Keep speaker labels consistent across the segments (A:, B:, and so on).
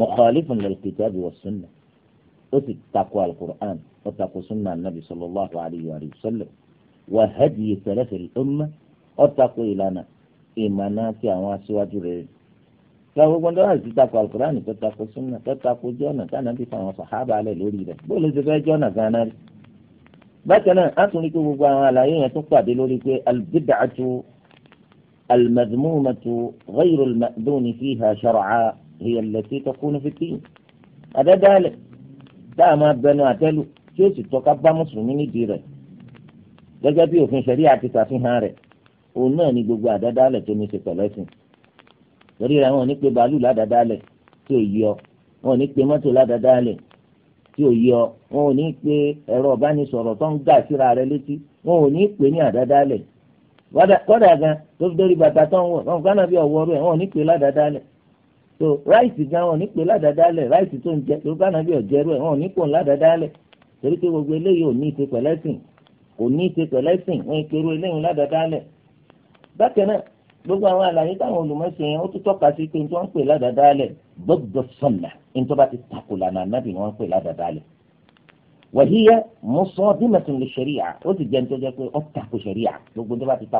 A: مخالف للكتاب والسنه اتق تقوى القران وتقوى سنه النبي صلى الله عليه واله وسلم وهدي سلف الامه وتقوى لنا ايمانات واسوا جري فهو من دون تقوى القران وتقوى سنة تتقوى جونا كان النبي صلى الله عليه واله وسلم بل اذا جونا كان بكنا اصلي كوكو على ايه تقوى بلولي إيه، البدعه المذمومه غير الماذون فيها شرعا هي التي تكون في الدين هذا ذلك tá a máa bẹnu àtẹ́lù tí ó sì tọ́ka bá mùsùlùmí nídìí rẹ̀ gẹ́gẹ́ bí òfin ṣẹ̀rí àti ṣàfihàn rẹ̀ òun náà ni gbogbo àdádálẹ̀ tó ní ṣe pẹ̀lú ẹ̀sìn torí rẹ̀ wọn ò ní pe bàálù ládàádálẹ̀ tí ò yí ọ wọn ò ní pe mọ́tò ládàádálẹ̀ tí ò yí ọ wọn ò ní pe ẹ̀rọ ọ̀bánisọ̀rọ̀ tó ń gà síra rẹ létí wọn ò ní pe ní àdádálẹ̀ kọ́dà gan tó dórí bàtà tó ń wọ̀ wọn kánà bí ọ̀wọ́rú ẹ̀ wọn ò ní pe ládàádálẹ̀ so ráìsì gan wọn nípò ládàádálẹ̀ ráìsì tó ń jẹ ló bá nàbí ọ̀jẹ̀rú ẹ̀ wọn nípò ládàádálẹ̀ torí pé gbogbo eléyìí ò ní í ṣe pẹ̀lẹ́sìn kò ní í ṣe wọn ìpérò eléyìí ládàádálẹ̀ bákan náà gbogbo àwọn àlàyé táwọn olùmọ̀ọ́sẹ̀ yẹn ó tún tọ́ka sí pé tí wọ́n pè ládàádálẹ̀ gbọ́dọ̀ sọ̀nà nítorí bá ti takò lànà ànábì ni pè ládàádálẹ̀ wàhíyẹ mọ̀sán bí mẹ̀sìn lè ṣẹ̀ríà ó sì jẹ́ nítorí pé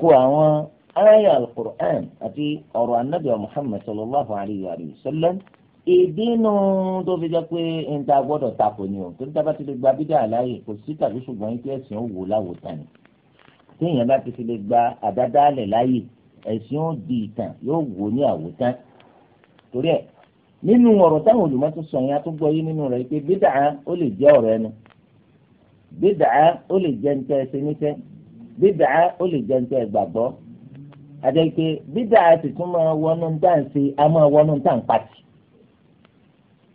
A: pè ní aya alukur'an àti ọ̀rọ̀ anabi muhammed sallallahu alayhi wa sallam ìdínú tó fi jẹ́ pé ń ta gbọ́dọ̀ takò ni o torí tábà ti lè gba bídà láàyè kò sí tàbí ṣùgbọ́n yín pé ẹ̀sìn òwò láwòtán ni téèyàn bá ti fi lè gba àdádálẹ̀ láàyè ẹ̀sìn ó di ìtàn yóò wò ní àwòtán torí ẹ̀ nínú ọ̀rọ̀ táwọn olùmọ̀ tó sọ yẹn a tó nínú rẹ̀ pé bídà ó lè jẹ́ ọ̀rọ̀ ẹnu bídà ó lè jẹ́ ntẹ́ ẹsẹ̀ níṣẹ́ bídà ó lè jẹ́ ntẹ́ ẹgbàgbọ́ àjẹpẹ́ bídà ti tún máa wọnú tá à ń ṣe a máa wọnú tá à ń pàtì.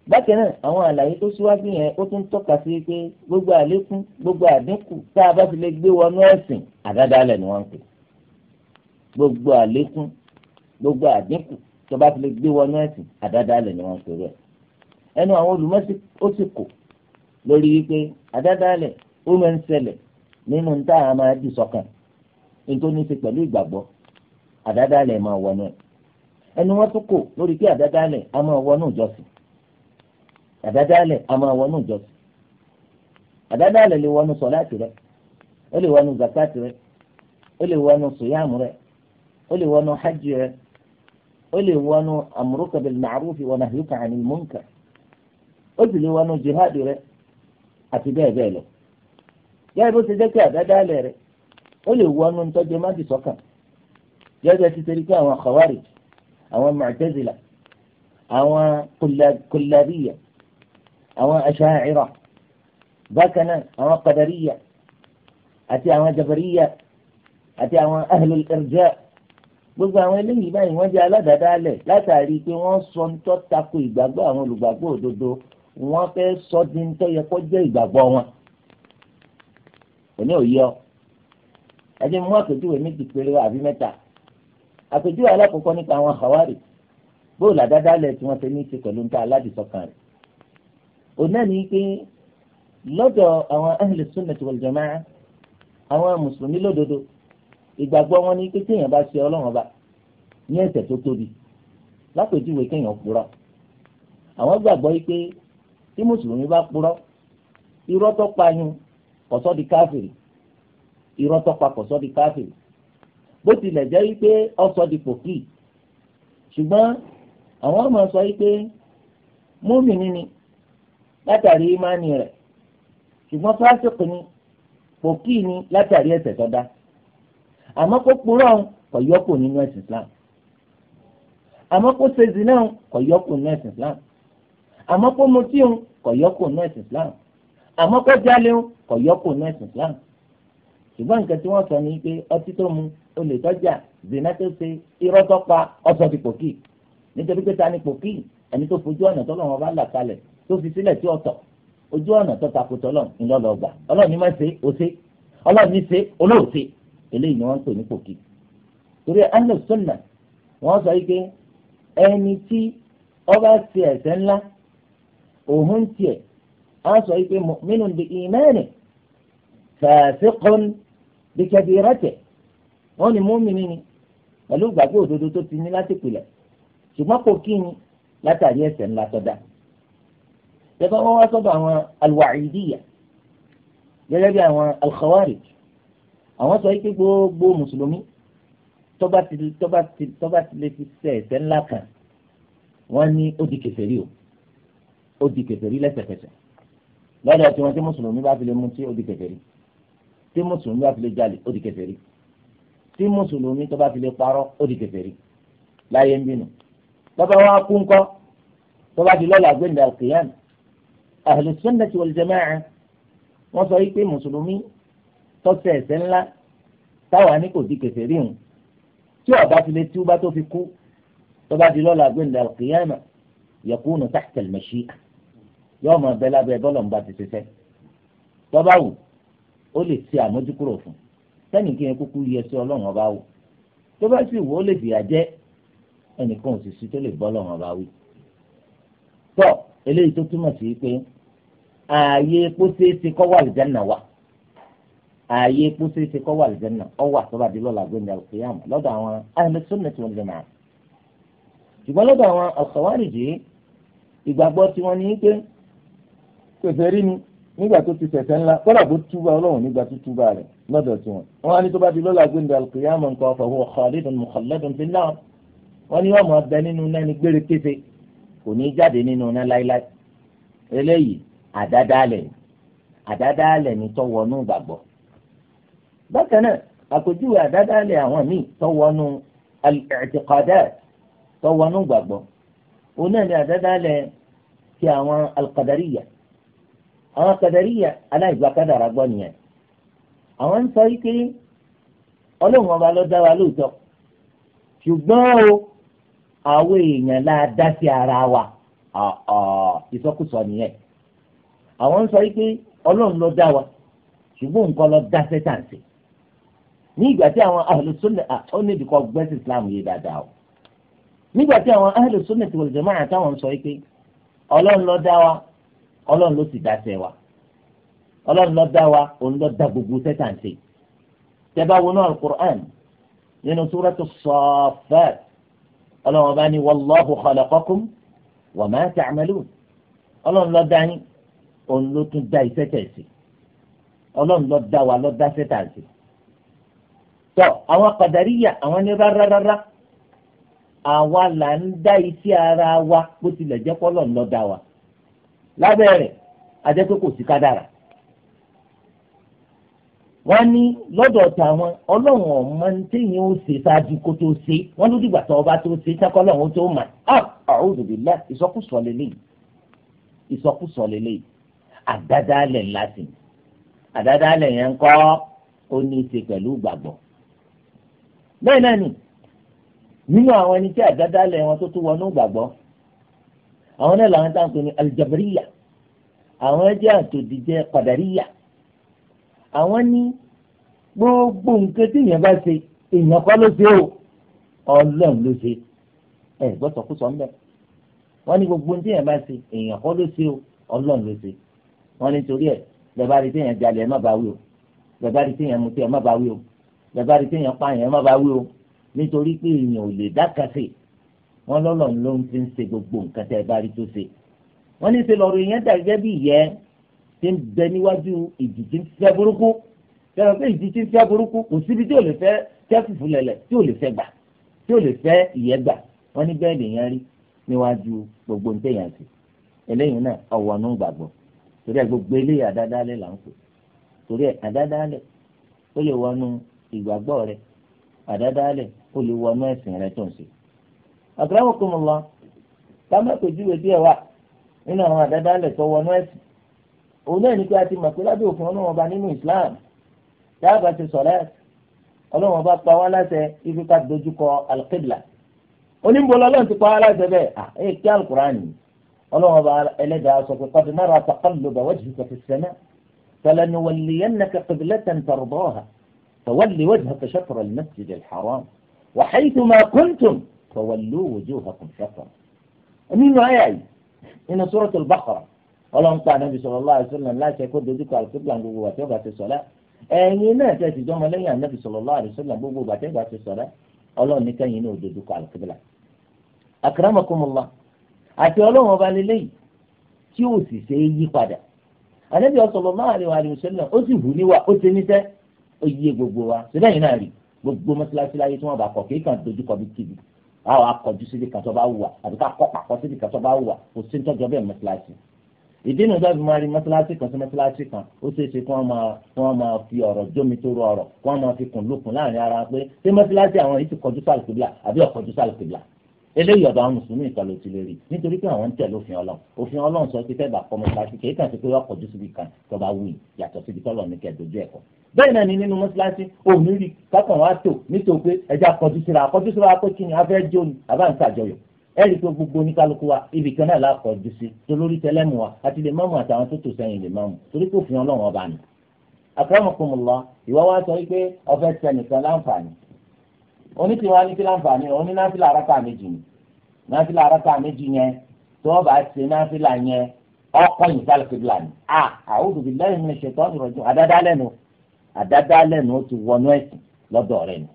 A: bákan náà àwọn àlàyé tó síwájú yẹn ó tún tọ́ka sí pé gbogbo àlékún gbogbo àdínkù tá a bá fi lè gbé wọnú ẹ̀sìn àdádálẹ̀ ni wọ́n ń pè gbogbo àlékún gbogbo àdínkù tó bá fi lè gbé wọnú ẹ̀sìn àdádálẹ̀ ni wọ́n ń pè rẹ̀ ẹnu àwọn olùmọ̀sí ó sì kò lórí wípé àdádálẹ̀ ó máa ń ṣẹlẹ̀ nínú ní àdádálẹ̀ máa wọnú ẹ̀ ẹnu wọn tún kò lórí pé àdádálẹ̀ a máa wọnú ìjọsìn àdádálẹ̀ a máa wọnú ìjọsìn àdádálẹ̀ lè wọnú sọ̀láàtì rẹ ó lè wọnú zakati rẹ ó lè wọnú sùyàmù rẹ ó lè wọnú hajj rẹ ó lè wọnú amruka bil ma'rufi wa nahyuka 'anil ó sì lè wọnú jihad rẹ àti bẹ́ẹ̀ bẹ́ẹ̀ lọ. yáa bó jẹ́ pé àdádálẹ̀ rẹ ó lè wọnú ntọ́jú má gẹ́gẹ́ ti torí pé àwọn khawarij àwọn mu'tazila àwọn kullabiya àwọn asha'ira bákan náà àwọn qadariya àti àwọn jabariya àti àwọn ahlul irja gbogbo àwọn eléyìí báyìí wọ́n jẹ́ aládàádáalẹ̀ látàrí pé wọ́n sọ ń tọ́ tako ìgbàgbọ́ àwọn olùgbàgbọ́ òdodo wọ́n fẹ́ sọ di ń tọ́ yẹ kó jẹ́ ìgbàgbọ́ wọn. òní òye ọ ẹni mú àpèjúwe méjì péré àbí mẹ́ta àpèjúwe alákọ̀ọ́kọ́ nípa àwọn àwárí bóòlù àdádálẹ̀ tí wọ́n ti ní í ṣe pẹ̀lú nǹkan aládìsọ́kàn rẹ̀ òun náà ní pé lọ́dọ̀ àwọn ahlu sunnati wal jamaa àwọn mùsùlùmí lódodo ìgbàgbọ́ wọn ní pé téèyàn bá ṣe ọlọ́run ọba ní ẹ̀ṣẹ̀ tó tóbi lápèjúwe kéèyàn purọ́ àwọn gbàgbọ́ yìí pé tí mùsùlùmí bá purọ́ irọ́ tó pa yun kò di káfìrì irọ́ tó pa kò di káfìrì bó tilẹ̀ jẹ́ wípé ọsọ dipò kì í ṣùgbọ́n àwọn ọmọ sọ wípé múmìnì ni látàrí ìmánì rẹ̀ ṣùgbọ́n fásitì ni pòkì ni látàrí ẹ̀ṣẹ̀ tó dá àmọ́ kó purọ́ kò yọkù nínú ẹ̀sìn Islam àmọ́ kó ṣe zina kò yọkù nínú ẹ̀sìn Islam àmọ́ kó mutí kò yọkù nínú ẹ̀sìn Islam àmọ́ kó jalè kò yọkù nínú ẹ̀sìn Islam ṣùgbọ́n nǹkan tí wọ́n sọ ni pé ọtí tó mu olùtọ́jà zina tó ṣe irọ́ tó pa ọ̀sọ̀ ti pòkì nítorí pé ta ni pòkì ẹni tó fojú ọ̀nà tó lọ́wọ́ bá là kalẹ̀ tó fi sílẹ̀ tí ọ̀tọ̀ ojú ọ̀nà tó takò tọ́lọ̀ ńlọ́lọ́gbà ọlọ́ọ̀ni má ṣe òṣè ọlọ́ọ̀ni ṣe olóòṣè eléyìí ni wọ́n ń pè ní pòkì torí ahlu sunna wọ́n sọ wípé ẹni tí ọba ti ẹ̀ṣẹ̀ ńlá òun tiẹ̀ á sọ wípé mu'minun bi imani fasiqun bi wọ́n ní mọ́mìnì ni pẹ̀lú ìgbàgbọ́ òdodo tó ti ní láti pìlẹ̀ ṣùgbọ́n kò kí ni látàrí ẹ̀ṣẹ̀ ńlá tọ́da. Ṣẹ́fẹ́ wọ́n wá sọ́dọ̀ àwọn alwa'idiyya gẹ́gẹ́ bí àwọn alkhawarij àwọn sọ pé gbogbo mùsùlùmí tọ́ba ti tọ́ba ti tọ́ba ti lè ti ṣẹ̀ ẹ̀ṣẹ̀ ńlá kan wọ́n ní ó di kèfèrí o ó di kèfèrí lẹ́sẹ̀kẹsẹ̀ lọ́dọ̀ tí tí mùsùlùmí bá fi lè mutí ó di kèfèrí tí mùsùlùmí bá fi lè jalè ó di kèfèrí tí mùsùlùmí tó bá ti lè parọ́ ó di kèfèrí láyé ń bínú bàbá wa kú ńkọ́ tó bá ti lọ́la gbẹ̀ndà kìyàn ahlus sunnati wal jamaa'ah wọ́n sọ wípé mùsùlùmí tọ́sẹ̀ ẹ̀ṣẹ̀ ńlá táwa ní kò di kèfèrí hùn tí ó bá ti lè túbá tó fi kú tó bá di lọ́la gbẹ̀ndà kìyàn yakunu tahta al-mashi'a yóò máa bẹ bọ́lọ̀ ń bá ti ṣiṣẹ́ tó wù ó lè ti àmójúkúrò fún un sẹ́ni kí yẹn kúkú yẹ sí ọlọ́run ọba wò tó bá sì wò ó lè fìyà jẹ ẹnìkan òṣìṣẹ́ tó lè bọ́ ọlọ́run ọba wò. tọ́ eléyìí tó túmọ̀ sí pé ààyè epo ṣeéṣe kọ́ wà lìjánà wà ààyè epo ṣeéṣe kọ́ wà lìjánà ọwà tó bá di lọ́la gbẹ̀ndà òkèèyàn lọ́dọ̀ àwọn ahmed sunnet wọn lè máa ṣùgbọ́n lọ́dọ̀ àwọn ọ̀sọ̀wárìjì ìgbàgbọ́ tiwọn ní pé kò rí ni nígbà tó ti ṣẹ̀ṣẹ̀ ńlá kọ́dà bó túbà ọlọ́run nígbà tó túbà rẹ̀ lọ́dọ̀ tí wọn. wọn á ní tó bá di lọ́la gbẹ̀ndà al-qiyamah nǹkan ọ̀fọ̀ wọn khalidun mukhalladun fi náà wọn ní wọn mọ̀ ọbẹ̀ nínú náà ní gbére kété kò ní jáde nínú náà láíláí. eléyìí àdádálẹ̀ àdádálẹ̀ ni tọ́wọ́nú gbàgbọ́. bákan náà àpèjúwe àdádálẹ̀ àwọn míì tọ́wọ́nú al àwọn kàdàríyà aláìgbà kádàrà gbọ́ nìyẹn àwọn ń sọ wípé ọlọ́run ọba ló wa lóòótọ́ ṣùgbọ́n o àwọn èèyàn la dá sí ara wa ìsọkúsọ nìyẹn àwọn ń sọ wípé ọlọ́run lọ dá wa ṣùgbọ́n nǹkan lọ dá sẹ́tàǹsì ní ìgbà tí àwọn ahlùsùnà onídìkọ gbẹ́sì islam yé dáadáa o nígbà tí àwọn ahlùsùnà wal jama'a àtàwọn sọ wípé ọlọ́run lọ dá wa ọlọ́run ló sì dáṣẹ wa ọlọ́run ló dá wa òun ló dá gbogbo sẹ́tàǹtì tẹ́bá wọnú alukur'an nínú súrẹ́tù sọ́ọ̀fẹ́t ọlọ́run bá ní wallahu khalaqakum wa ma ta'malun ọlọ́run ló dá yín òun ló tún dá iṣẹ́ tẹ̀sí ọlọ́run ló dá wa ló dá sẹ́tàǹtì tọ́ àwọn kàdáríyà àwọn ní rárá àwa là ń dá iṣẹ́ ara wa bó tilẹ̀ jẹ́ pé ọlọ́run ló dá wa lábẹ́ rẹ̀ ajẹ́ pé kò sí kádàrà wọ́n ní lọ́dọ̀ tàwọn ọlọ́run ọmọ téèyàn ó ṣe ṣáájú kó tó ṣe wọ́n ló dìgbà tó ọba tó ṣe sákọ́ ọlọ́run tó mà á a'udhu billahi ìsọkúsọ lélẹ́yìí ìsọkúsọ lélẹ́yìí àdádálẹ̀ ńlá sí i àdádálẹ̀ yẹn ń kọ́ ó ní í ṣe pẹ̀lú ìgbàgbọ́ bẹ́ẹ̀ náà ni nínú àwọn ẹni tí àdádálẹ̀ wọn tó tún wọnú ìgbàgbọ́ àwọn náà làwọn táwọn pè ní aljabariya àwọn jẹ́ àtòdìjẹ padàríyà àwọn ní gbogbo nǹkan tí èèyàn bá ṣe èèyàn kọ́ ló ṣe o ọlọ́run ló ṣe ẹ gbọ́dọ̀ kó sọ ń bẹ̀ wọ́n ní gbogbo nǹkan tí èèyàn bá ṣe èèyàn kọ́ ló ṣe o ọlọ́run ló ṣe wọ́n ní torí ẹ̀ bẹ̀bá rí téèyàn jalè ẹ̀ má bá wí o bẹ̀bá rí téèyàn mutí ẹ̀ má bá wí o bẹ̀bá rí téèyàn pààyàn ẹ̀ má bá wí o nítorí pé èèyàn ò lè dákàsì wọ́n lọ́lọ́ ló ń fi ń ṣe gbogbo nǹkan tẹ́ ẹ bá rí tó ṣe wọ́n ní ṣe lọ́rọ̀ ìyẹn dà gẹ́gẹ́ bí ìyẹ́ ti ń bẹ níwájú ìjì tí ń fẹ́ burúkú tẹ́lẹ̀ pé ìjì tí ń fẹ́ burúkú kò síbi tí ò lè fẹ́ tẹ́ fùfú lẹ̀lẹ̀ tí ò lè fẹ́ gbà tí ò lè fẹ́ ìyẹ́ gbà wọ́n ní bẹ́ẹ̀ lèèyàn rí níwájú gbogbo nǹkan sí eléyìí náà ọ̀wọ́ nù gbàgbọ́ torí ẹ gbogbo eléyìí àdádálẹ̀ là ń pè torí ẹ àdádálẹ̀ ó lè wọnú ìgbàgbọ́ rẹ àdádálẹ̀ ó lè wọnú ẹ̀sìn rẹ tó ń ṣe akramakum Allah kámẹ́ pèjúwe díẹ̀ wà nínú àwọn àdáda lẹ̀ tó wọnú ẹ̀sìn òun náà ní pé a ti mọ̀ pé lábẹ́ òfin ọlọ́wọ́n nínú Islam ba ti sọ̀rẹ́ ọlọ́wọ́n ọba pa wá láṣẹ ibi ká doju dojúkọ alqibla onímbolo ọlọ́run ti pa wá láṣẹ bẹ́ẹ̀ à ẹ̀ kí alukurani ọlọ́wọ́n ọba ẹlẹ́dàá sọ pé qad nara taqalluba wajhika fis sama' falanuwalliyannaka qiblatan tardaha fawalli wajhaka shatra al-masjid al-haram wa haythuma kuntum فولوا وجوهكم شطرا nínú àyà yìí nínú suratul Baqara ọlọ́run pa ànábì sallallahu alaihi wasallam láti ẹ̀kọ́ dojúkọ àlùkíbùlà gbogbo àti ọgbà ti sọ̀lá ẹ̀yin náà tẹ̀ ti jọmọ lẹ́yìn ànábì sallallahu alaihi wasallam gbogbo àti ọgbà ti sọ̀lá ọlọ́run ní kẹ́yìn náà dojúkọ àlùkíbùlà. akramakumullah àti ọlọ́run ọba lélẹ́ yìí tí ó sì ṣe é yí padà ànábì sallallahu alaihi wasallam ó sì hù níwà ó ti níṣẹ́ ó yí gbogbo wa síbẹ̀ yìí náà rí gbogbo mọ́sálásí a wà kọjú síbi kan tó bá wù wá àbí ká kọ́ pàkọ́ síbi kan tó bá wù wá kò sí tọ́jọ́ bẹ́ẹ̀ mọ́tíláṣí ìdí nu dábì máa rí mọ́tíláṣí kan sí mọ́tíláṣí kan ó ṣeé ṣe kí wọ́n máa kí wọ́n máa fi ọ̀rọ̀ jómi tó rọ ọ̀rọ̀ kí wọ́n máa fi kùn lókun láàrin ara pé ṣé mọ́tíláṣí àwọn yìí ti kọjú sálù kìbìlà àbí ọ̀kọjú sálù kìbìlà eléyìí ọ̀dọ̀ àwọn mùsùlùmí ìkan ti lè rí nítorí pé àwọn ń tẹ̀lé òfin ọlọ́run òfin ọlọ́run sọ pé fẹ́ẹ́ bá kọ́ mọ́tíláṣí kì í sí pé ọkọ̀jú síbi kan tó bá wù yàtọ̀ síbi tọ́lọ̀ ní kẹ́ẹ̀dójú ẹ̀kọ́ bẹ́ẹ̀ náà ni nínú mọ́ṣáláṣí òní rí kákan wá tò nítorí pé ẹja kọjú síra kọjú síra pé kí ni afẹ́ jó ni àbá ń ṣàjọyọ̀ ẹ rí i pé gbogbo oníkálukú wa ibì kan náà la kọjú sí tó tẹlẹ́mù wa àti lè mọ́mù àtàwọn tó tò sẹ́yìn lè mọ́mù torí pé òfin ọlọ́run ọba ni. akramakumullah ìwọ wá sọ wípé ọfẹ tẹnìkan láǹfààní onítìwá ní kí láǹfààní òní náfìlà araka méjì ni náfìlà araka méjì yẹn tó bá ṣe náfìlà yẹn ọkọ yìí sálùkì bìlà ni. a a'udhu billahi minash shaitani rajim àdáda lẹ́nu ó ti wọnú ẹ̀sìn lọ́dọ̀ rẹ̀ ni.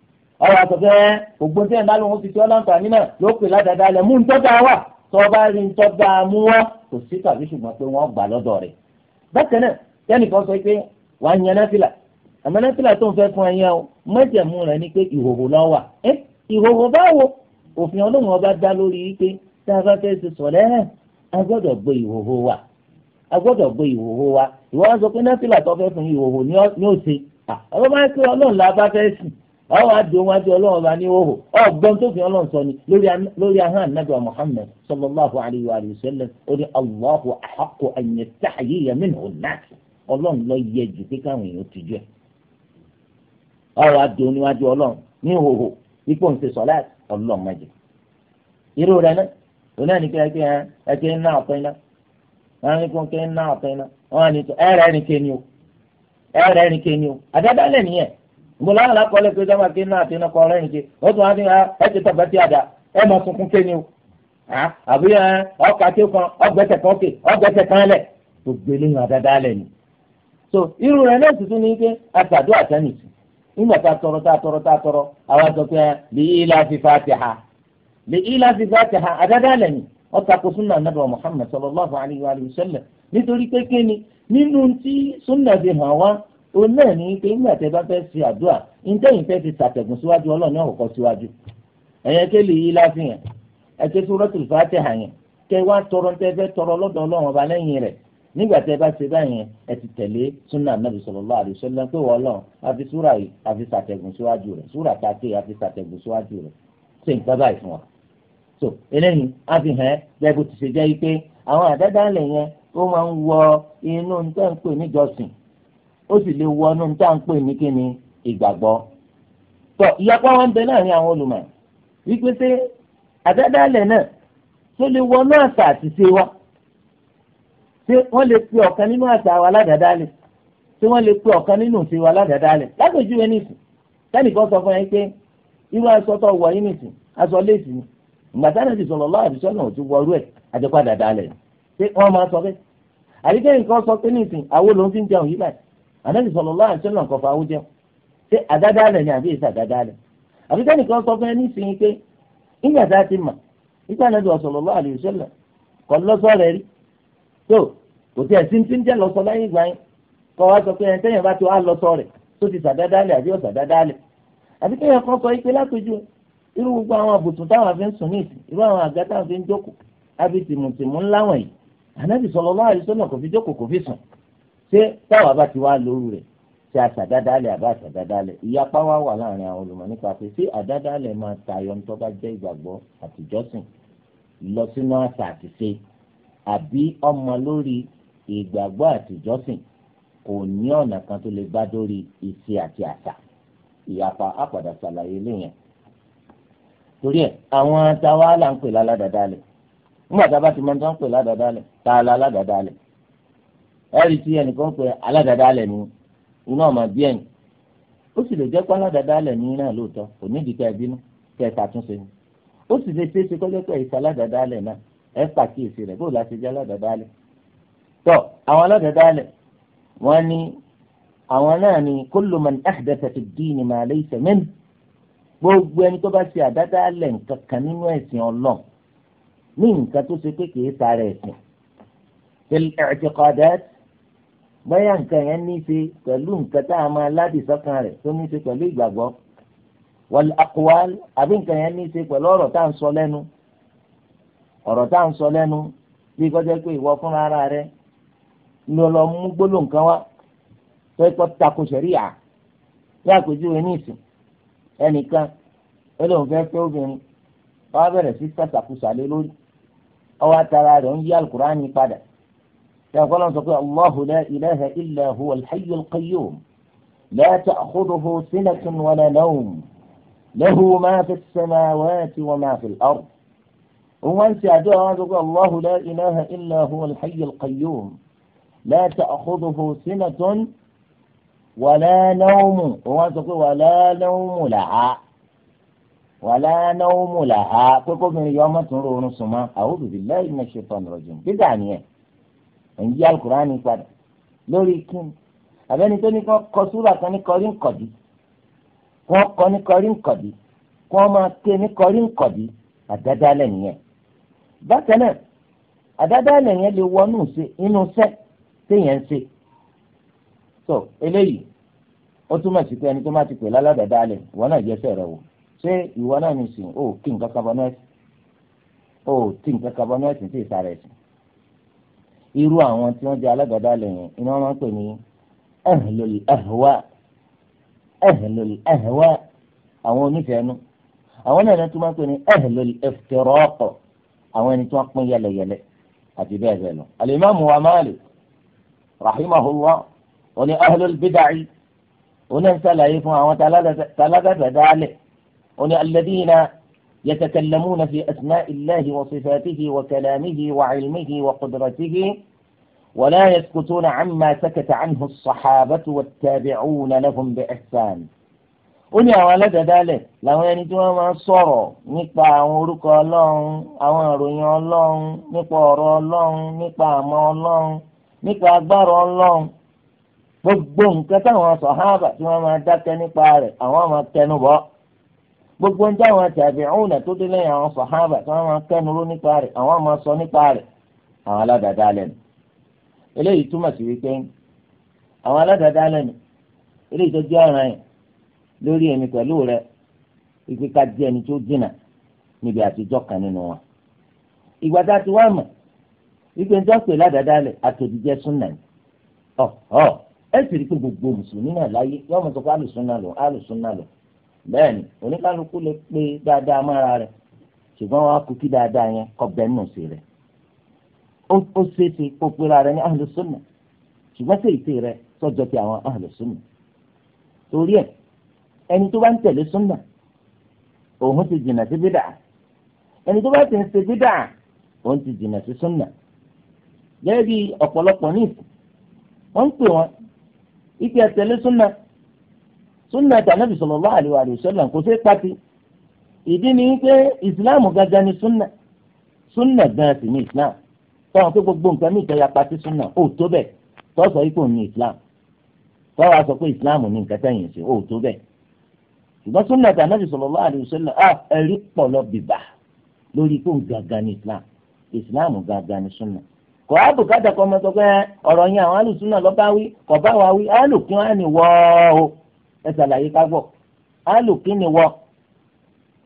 A: ọ̀rọ̀ àtọ̀fẹ́ ògbó tí ẹ̀ńdá lòun ti ti ọlọ́ǹfààní náà ló pè ládàáda lẹ̀ mú ń tọ́da wà tó bá rí ń tọ́da mú wá kò sí tàbí ṣùgbọ́n pé wọ́n gbà lọ́dọ̀ rẹ̀. bákan náà kẹ́nìkan sọ pé wà á yan náfìlà àmọ́ náfìlà tó ń fẹ́ fún ẹyẹ o mọ́jẹ̀mú rẹ̀ ni pé ìhòhò náà wà. ẹ ìhòhò báwo òfin ọlọ́run ọba dá lórí wípé tá a bá fẹ́ ṣe sọ̀lẹ́ hàn á gbọ́dọ̀ gbé ìhòhò wà a gbọ́dọ̀ gbé ìhòòhò wa ìwọ wọn sọ pé nọ́fìlà tó fẹ́ fún ìhòòhò ni ó ṣe ọlọ́ máa ń pè ọlọ́run la bá fẹ́ sìn ọwọ́ àdó wọn àti ọlọ́run bá ní ìhòòhò ọgbọ́n tó fi ọlọ́run sọ ni lórí ahọ́n muhammed ó ní ọlọ́run yẹ jù pé káwọn èèyàn ti ọwọ́ ọlọ́run ní wọn ní kí wọn kéré náà ọ̀tẹ́ náà wọn ní ẹ̀rẹ́ ẹ̀rìn kéni o ẹ̀rẹ́ ẹ̀rìn kéni o àdáda lẹ̀ nìyẹn ìgbòlá àlá kọ́lé pé dáwọn tún wá ah, ẹ ti a ẹ mọ sunkún o ah, àbí eh, ọkà tí kan ọgbẹ́sẹ̀ kan kè ọgbẹ́sẹ̀ kan lẹ̀ gbogbo eléyìn àdáda lẹ̀ ni. so irú rẹ̀ náà tuntun ní àtàdó a ọ̀tàkùn súnà nàbà Muhammad sallallahu alayhi wa sallam nítorí pé kíni nínú tí súnà fi hàn wá òun náà ní pé nígbà tẹ́ bá fẹ́ ṣe àdúrà ntẹ́yìn fẹ́ ti ṣàtẹ̀gùn síwájú ọlọ́ọ̀ni ọ̀kọ̀ọ̀kan síwájú ẹ̀yẹn ké lè yí láfihàn ẹ̀kẹ́ suratul Fatiha yẹn kẹ́ wá tọrọ tẹ́ fẹ́ tọrọ lọ́dọ̀ ọlọ́run ọba lẹ́yìn rẹ̀ nígbà tẹ́ bá ṣe báyẹn ẹ ti tẹ̀lé súnà nàbì sallallahu alaihi wasallam pé wọ́n àfi súrà yìí àfi ṣàtẹ̀gùn síwájú rẹ̀ súrà tá àfi ṣàtẹ̀gùn síwájú rẹ̀ ṣe nǹkan báyìí fún wa so eléyìí á fi hàn ẹ́ bẹ́ẹ̀ bó ti ṣe jẹ́ pé àwọn àdádálẹ̀ yẹn ó máa ń wọ inú níta ń pè níjọsìn ó sì lè wọ inú níta ń pè ní kíni ìgbàgbọ́. tọ ìyapa wa ń bẹ láàrin àwọn olùmọ̀ wípé ṣé àdádálẹ̀ náà tó lè wọ inú àṣà àti ṣe wa ṣé wọ́n lè pe ọ̀kan nínú àṣà wa ládàádálẹ̀ ṣé wọ́n lè pe ọ̀kan nínú ṣe wa ládàádálẹ̀ lágbèjúwe nìsín sẹ́nìkan sọ fún yẹn pé irú aṣọ tó wọ̀ yín nìsín aṣọ léèsì ni mgbasa ti sọ̀rọ̀ lọ́wọ́ àdìsọ́ náà ti wọ́ọ́rú ẹ̀ àjẹpàdà dalẹ̀ ṣé wọ́n máa sọ pé àdìgẹ́ nǹkan sọ pé nísìn àwo ló ń fi ń jẹun yìí báyìí àdìsọ́ sọ̀rọ̀ lọ́wọ́ àdìsọ́ náà jẹun ṣé ni àbí nìkan sọ pé pé ti mà nígbà náà rí tó kò tí ti ń lọ́sọ láyé ìgbà yẹn irú gbogbo àwọn àbùtùn táwọn fi ń sùn ní ìsìn irú àwọn àga táwọn fi ń jókòó àbí tìmùtìmù ńlá wọ̀nyí ànábì sallallahu alaihi wasallam kò fi jókòó kò fi sùn ṣé táwọn bá ti wá lóru rẹ̀ ṣe àṣàdádálẹ̀ àbá àṣàdádálẹ̀ ìyapa wá wà láàrin àwọn olùmọ̀ nípa pé ṣé àdádálẹ̀ máa tayọ ní tó bá jẹ́ ìgbàgbọ́ àtijọ́sìn lọ sínú àṣà àtiṣe àbí ọmọ lórí ìgbàgbọ́ àtijọ́sìn kò ní ọ̀nà kan tó lè bá dórí ìṣe àti àṣà ìyapa àpàdà ṣàlàyé lẹ́yìn torí ẹ̀ àwọn táwa là ń pè lálàdàdà lẹ̀ nígbà tá a bá ti máa ń tán pè lálàdàdà lẹ̀ tá a la aládàdà lẹ̀ ẹ̀rí tí ẹnìkan pè aládàdà lẹ̀ ni iná ọmọ bí ẹ̀yìn ó sì lè jẹ́ pé aládàdà lẹ̀ ní náà lóòótọ́ kò ní ìdíkà ìbínú kẹ́ ẹ̀ ṣàtúnṣe ni ó sì lè ṣe é ṣe kọ́jọ́ pé ìṣe aládàdà lẹ̀ náà ẹ pàkíyèsí rẹ̀ bó la ṣe aládàdà lẹ̀ tọ́ àwọn aládàdà lẹ̀ wọ́n ní àwọn náà ni kullu man gbogbo ẹni tó bá ṣe àdádálẹ̀ nǹkan kan nínú ẹ̀sìn ọlọ́run ní nǹkan tó ṣe pé kìí sára ẹ̀sìn ẹ̀ẹ́dẹ́kọ̀dẹ́t bóyá nǹkan yẹn ní í ṣe pẹ̀lú nǹkan tá a máa ládì sọ́kàn rẹ̀ tó ní í ṣe pẹ̀lú ìgbàgbọ́ wal aqwal àbí nǹkan yẹn ní í ṣe pẹ̀lú ọ̀rọ̀ tá à ń sọ lẹ́nu ọ̀rọ̀ tá à ń sọ lẹ́nu bí kọjá pé ìwọ fúnra ara rẹ ló lọ mú gbólóǹkan wá tó ẹ̀kọ́ tako ṣẹ̀ríyà ní àpèjúwe ní ìsìn ẹnìkan ó lóun fẹ́ fẹ́ obìnrin wọ́n á bẹ̀rẹ̀ sí sàṣàkóso àlẹ́ lórí ọwọ́ àtàrà rẹ̀ ń yí alukur'ani padà يقول أنت الله لا إله إلا هو الحي القيوم لا تأخذه سنة ولا نوم له ما في السماوات وما في الأرض ومن سعدها تقول الله لا إله إلا هو الحي القيوم لا تأخذه سنة wàlá náwùmù òun á sọ pé wàlá náwùmù là á wàlá náwùmù là á pé kóbìnrin yọ ọmọ tó ń rọrùn sùn mọ́ a'udhu billahi minash shaitanir rajim dídà nìyẹn ń yí alukurani padà lórí kíni àbẹ́ni tó ní kọ́ kọ súrà kan ní kọrí nkọ̀dí kọ́ kọ ní kọrí nkọ̀dí kọ́ máa ké ní kọrí nkọ̀dí àdádálẹ̀ nìyẹn bákan náà àdádálẹ̀ yẹn lè wọnú inú sẹ́ so eléyìí ó túmọ̀ sí pé ẹni tó má ti pè lálàdàdà alẹ̀ ìwọ náà jẹ́sẹ̀ rẹ wò ṣé ìwọ náà kí nǹkan kan tí nǹkan kan bọ́nú ẹ̀sìn tí ìsàrẹ̀ ẹ̀sìn irú àwọn tí wọ́n jẹ́ alágbàdá alẹ̀ yẹn iná wọn pè ní ahlul ahwa ahlul ahwa àwọn onífẹ̀ẹ́nu àwọn náà lẹ́nu tó máa ń pè ní àwọn òní ahlul bid'ah òní ṣàlàyé fún àwọn talaga talagàtà dálẹ̀ òní alladhina yatakallamuna fi asma'i llahi wa sifatihi wa kalamihi wa ilmihi wa qudratihi ولا يسكتون عما سكت عنه الصحابة والتابعون لهم بإحسان ó ní àwọn aládàádálẹ̀ làwọn ẹni tí wọ́n máa ń sọ̀rọ̀ nípa àwọn orúkọ ọlọ́run àwọn ìròyìn ọlọ́run nípa ọ̀rọ̀ ọlọ́run nípa àmọ́ ọlọ́run nípa agbára ọlọ́run gbogbo nǹkan táwọn sọ̀hábà tí wọ́n máa dákẹ́ nípa rẹ̀ àwọn máa kẹnu gbogbo nǹkan àwọn tàbíùn tó dé lẹ́yìn àwọn sọ̀hábà tí wọ́n máa kẹnu ró nípa rẹ̀ àwọn máa sọ nípa rẹ̀ àwọn aládàáda lẹ́nu eléyìí túmọ̀ sí wípé àwọn aládàáda lẹ́nu eléyìí tó jẹ́ ọ̀ràn yẹn lórí pẹ̀lú ká di ẹni tó jìnà níbi àtijọ́ kan nínú wọn ìgbà tá a ti wá mọ̀ wípé ẹ sì rí pé gbogbo mùsùlùmí náà láyé yóò mọ̀ sọ pé alùsùnà lò alùsùnà lò bẹ́ẹ̀ ni oníkálukú lè pé dáadáa mára ṣùgbọ́n wọn á kú kí dáadáa yẹn kọ́ bẹ́ẹ̀ nù sí ó ṣe kó ní ṣùgbọ́n sí sọ́jọ́ ti àwọn torí ẹni tó ti jìnnà sí bídà ẹni tó bá ti ń ṣe bídà òun ti jìnnà sí súnà gẹ́gẹ́ bí ìpè ẹ̀tẹ̀lé súnà súnà tí anábì sallallahu alaihi wa sallam kò sí pati ìdí ni pé ìsìláàmù gangan ni súnà súnà gan sì ní islam tọ́wọ́n pé gbogbo nǹkan ní ìtọ́ya pati súnà ó tó bẹ̀ tọ́sọ̀ ipò ní islam tọ́wọ́ a sọ pé islam ní nǹkan tẹ̀yìn sí ó tó bẹ̀ ṣùgbọ́n súnà tí anábì sallallahu alaihi à ah, ẹ̀rí pọ̀ lọ bìbà lórí pé gangan ni islam islam gangan ni súnà kò á bùkátà kọ́ ọmọ sọ pé ọ̀rọ̀ yẹn àwọn alùsùn náà lọ́ba wí kò bá wa wí alùpùn á ní wọ́ o ẹ ṣàlàyé ká gbọ́ alùpùn ní wọ́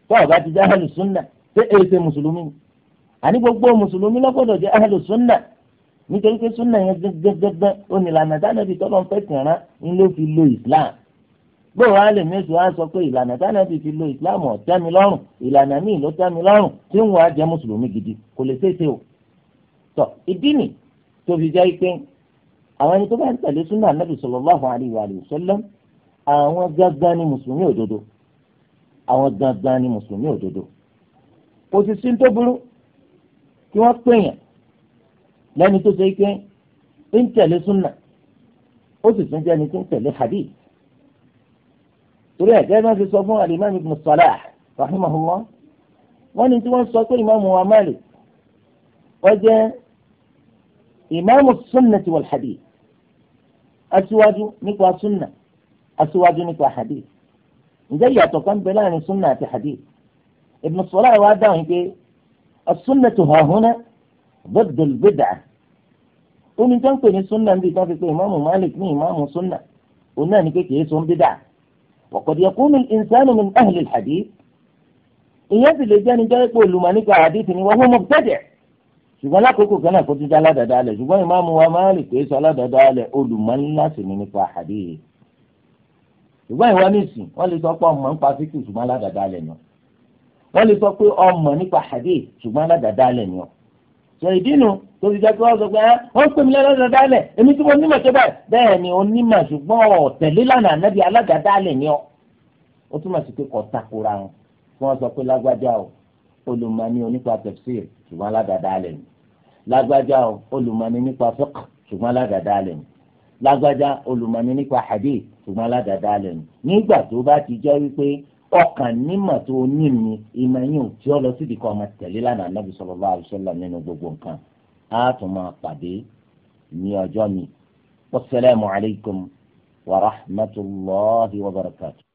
A: tó ọ̀gá ti jẹ́ alùsùn náà ṣé èyí ṣe mùsùlùmí ni àní gbogbo mùsùlùmí lọ́gbọ́dọ̀ jẹ́ alùsùn náà nítorí pé súnà yẹn gbẹgbẹgbẹ onílànà tánàbí tọ́lọ́ fẹ́ tìrán ni ló fi lo Islam bóò wá lè mẹ́sùn á sọ pé ìlànà tánàbí fi lo Islam ó tẹ́ mi lọ́rùn ìlànà míì ló tẹ́ mi tí ń wọ́n á jẹ́ mùsùlùmí gidi kò lè ṣeé ṣe o tọ ìdí nì tó fi jẹ́ pé àwọn ẹni tó bá ń tẹ̀lé súnà anábì sallallahu alaihi wa sallam àwọn gangan ni mùsùlùmí òdodo àwọn gangan ni mùsùlùmí òdodo kò sì sí tó burú kí wọ́n pèèyàn lẹ́ni tó ṣe pé ń tẹ̀lé súnà ó sì tún jẹ́ ẹni tó ń tẹ̀lé hadith torí ẹ̀jẹ̀ náà ti sọ fún alimami ibn Salah rahimahullah wọ́n tí wọ́n sọ pé ìmáàmù wa Malik وجاء إمام السنة والحديث أسواج نكوى سنة أسواج نكوى حديث نجي يتقن بلان سنة في حديث ابن الصلاة الصلاح وعده السنة ها هنا ضد البدعة ومن تنقل السنة دي تنقل إمام مالك ني إمام سنة قلنا كي كيسهم بدعة وقد يقوم الإنسان من أهل الحديث يجب لجان جاء يقول لما نكوى حديثني وهو مبتدع ṣùgbọ́n lákòókò kan náà kó tún jẹ́ aládàáda alẹ̀ ṣùgbọ́n ìmáàmù wa Malik kìí ṣe aládàáda alẹ̀ olùmọ̀ ńlá sì ní nípa àdéhìí ṣùgbọ́n ìwọ nísìn wọ́n lè sọ pé ọmọ nípa fíkì ṣùgbọ́n aládàáda alẹ̀ ni wọ́n lè sọ pé ọmọ nípa àdéhìí ṣùgbọ́n aládàáda alẹ̀ ni sọ ìdí nu tó fi jẹ́ pé wọ́n sọ pé ah, wọ́n pè mí aládàáda alẹ̀ èmi tí mo nímọ̀ tó báyìí bẹ́ẹ̀ olùmọ̀ni onípa tafsir ṣùgbọ́n aládàáda lẹ̀ ni lágbájá o olùmọ̀ni nípa fiqh ṣùgbọ́n aládàáda lẹ̀ ni lágbájá olùmọ̀ni nípa hadith ṣùgbọ́n aládàáda lẹ̀ ni nígbà tó bá ti jẹ́ wípé ọkàn nímọ̀ tó ní mi ìmọ̀ yín ò tí ó lọ síbi kan ọmọ tẹ̀lé lánàá Nabi sallallahu alaihi wasallam nínú gbogbo nǹkan á tún máa pàdé ní ọjọ́ mi. wassalamu alaikum wa rahmatullahi wa barakatuh.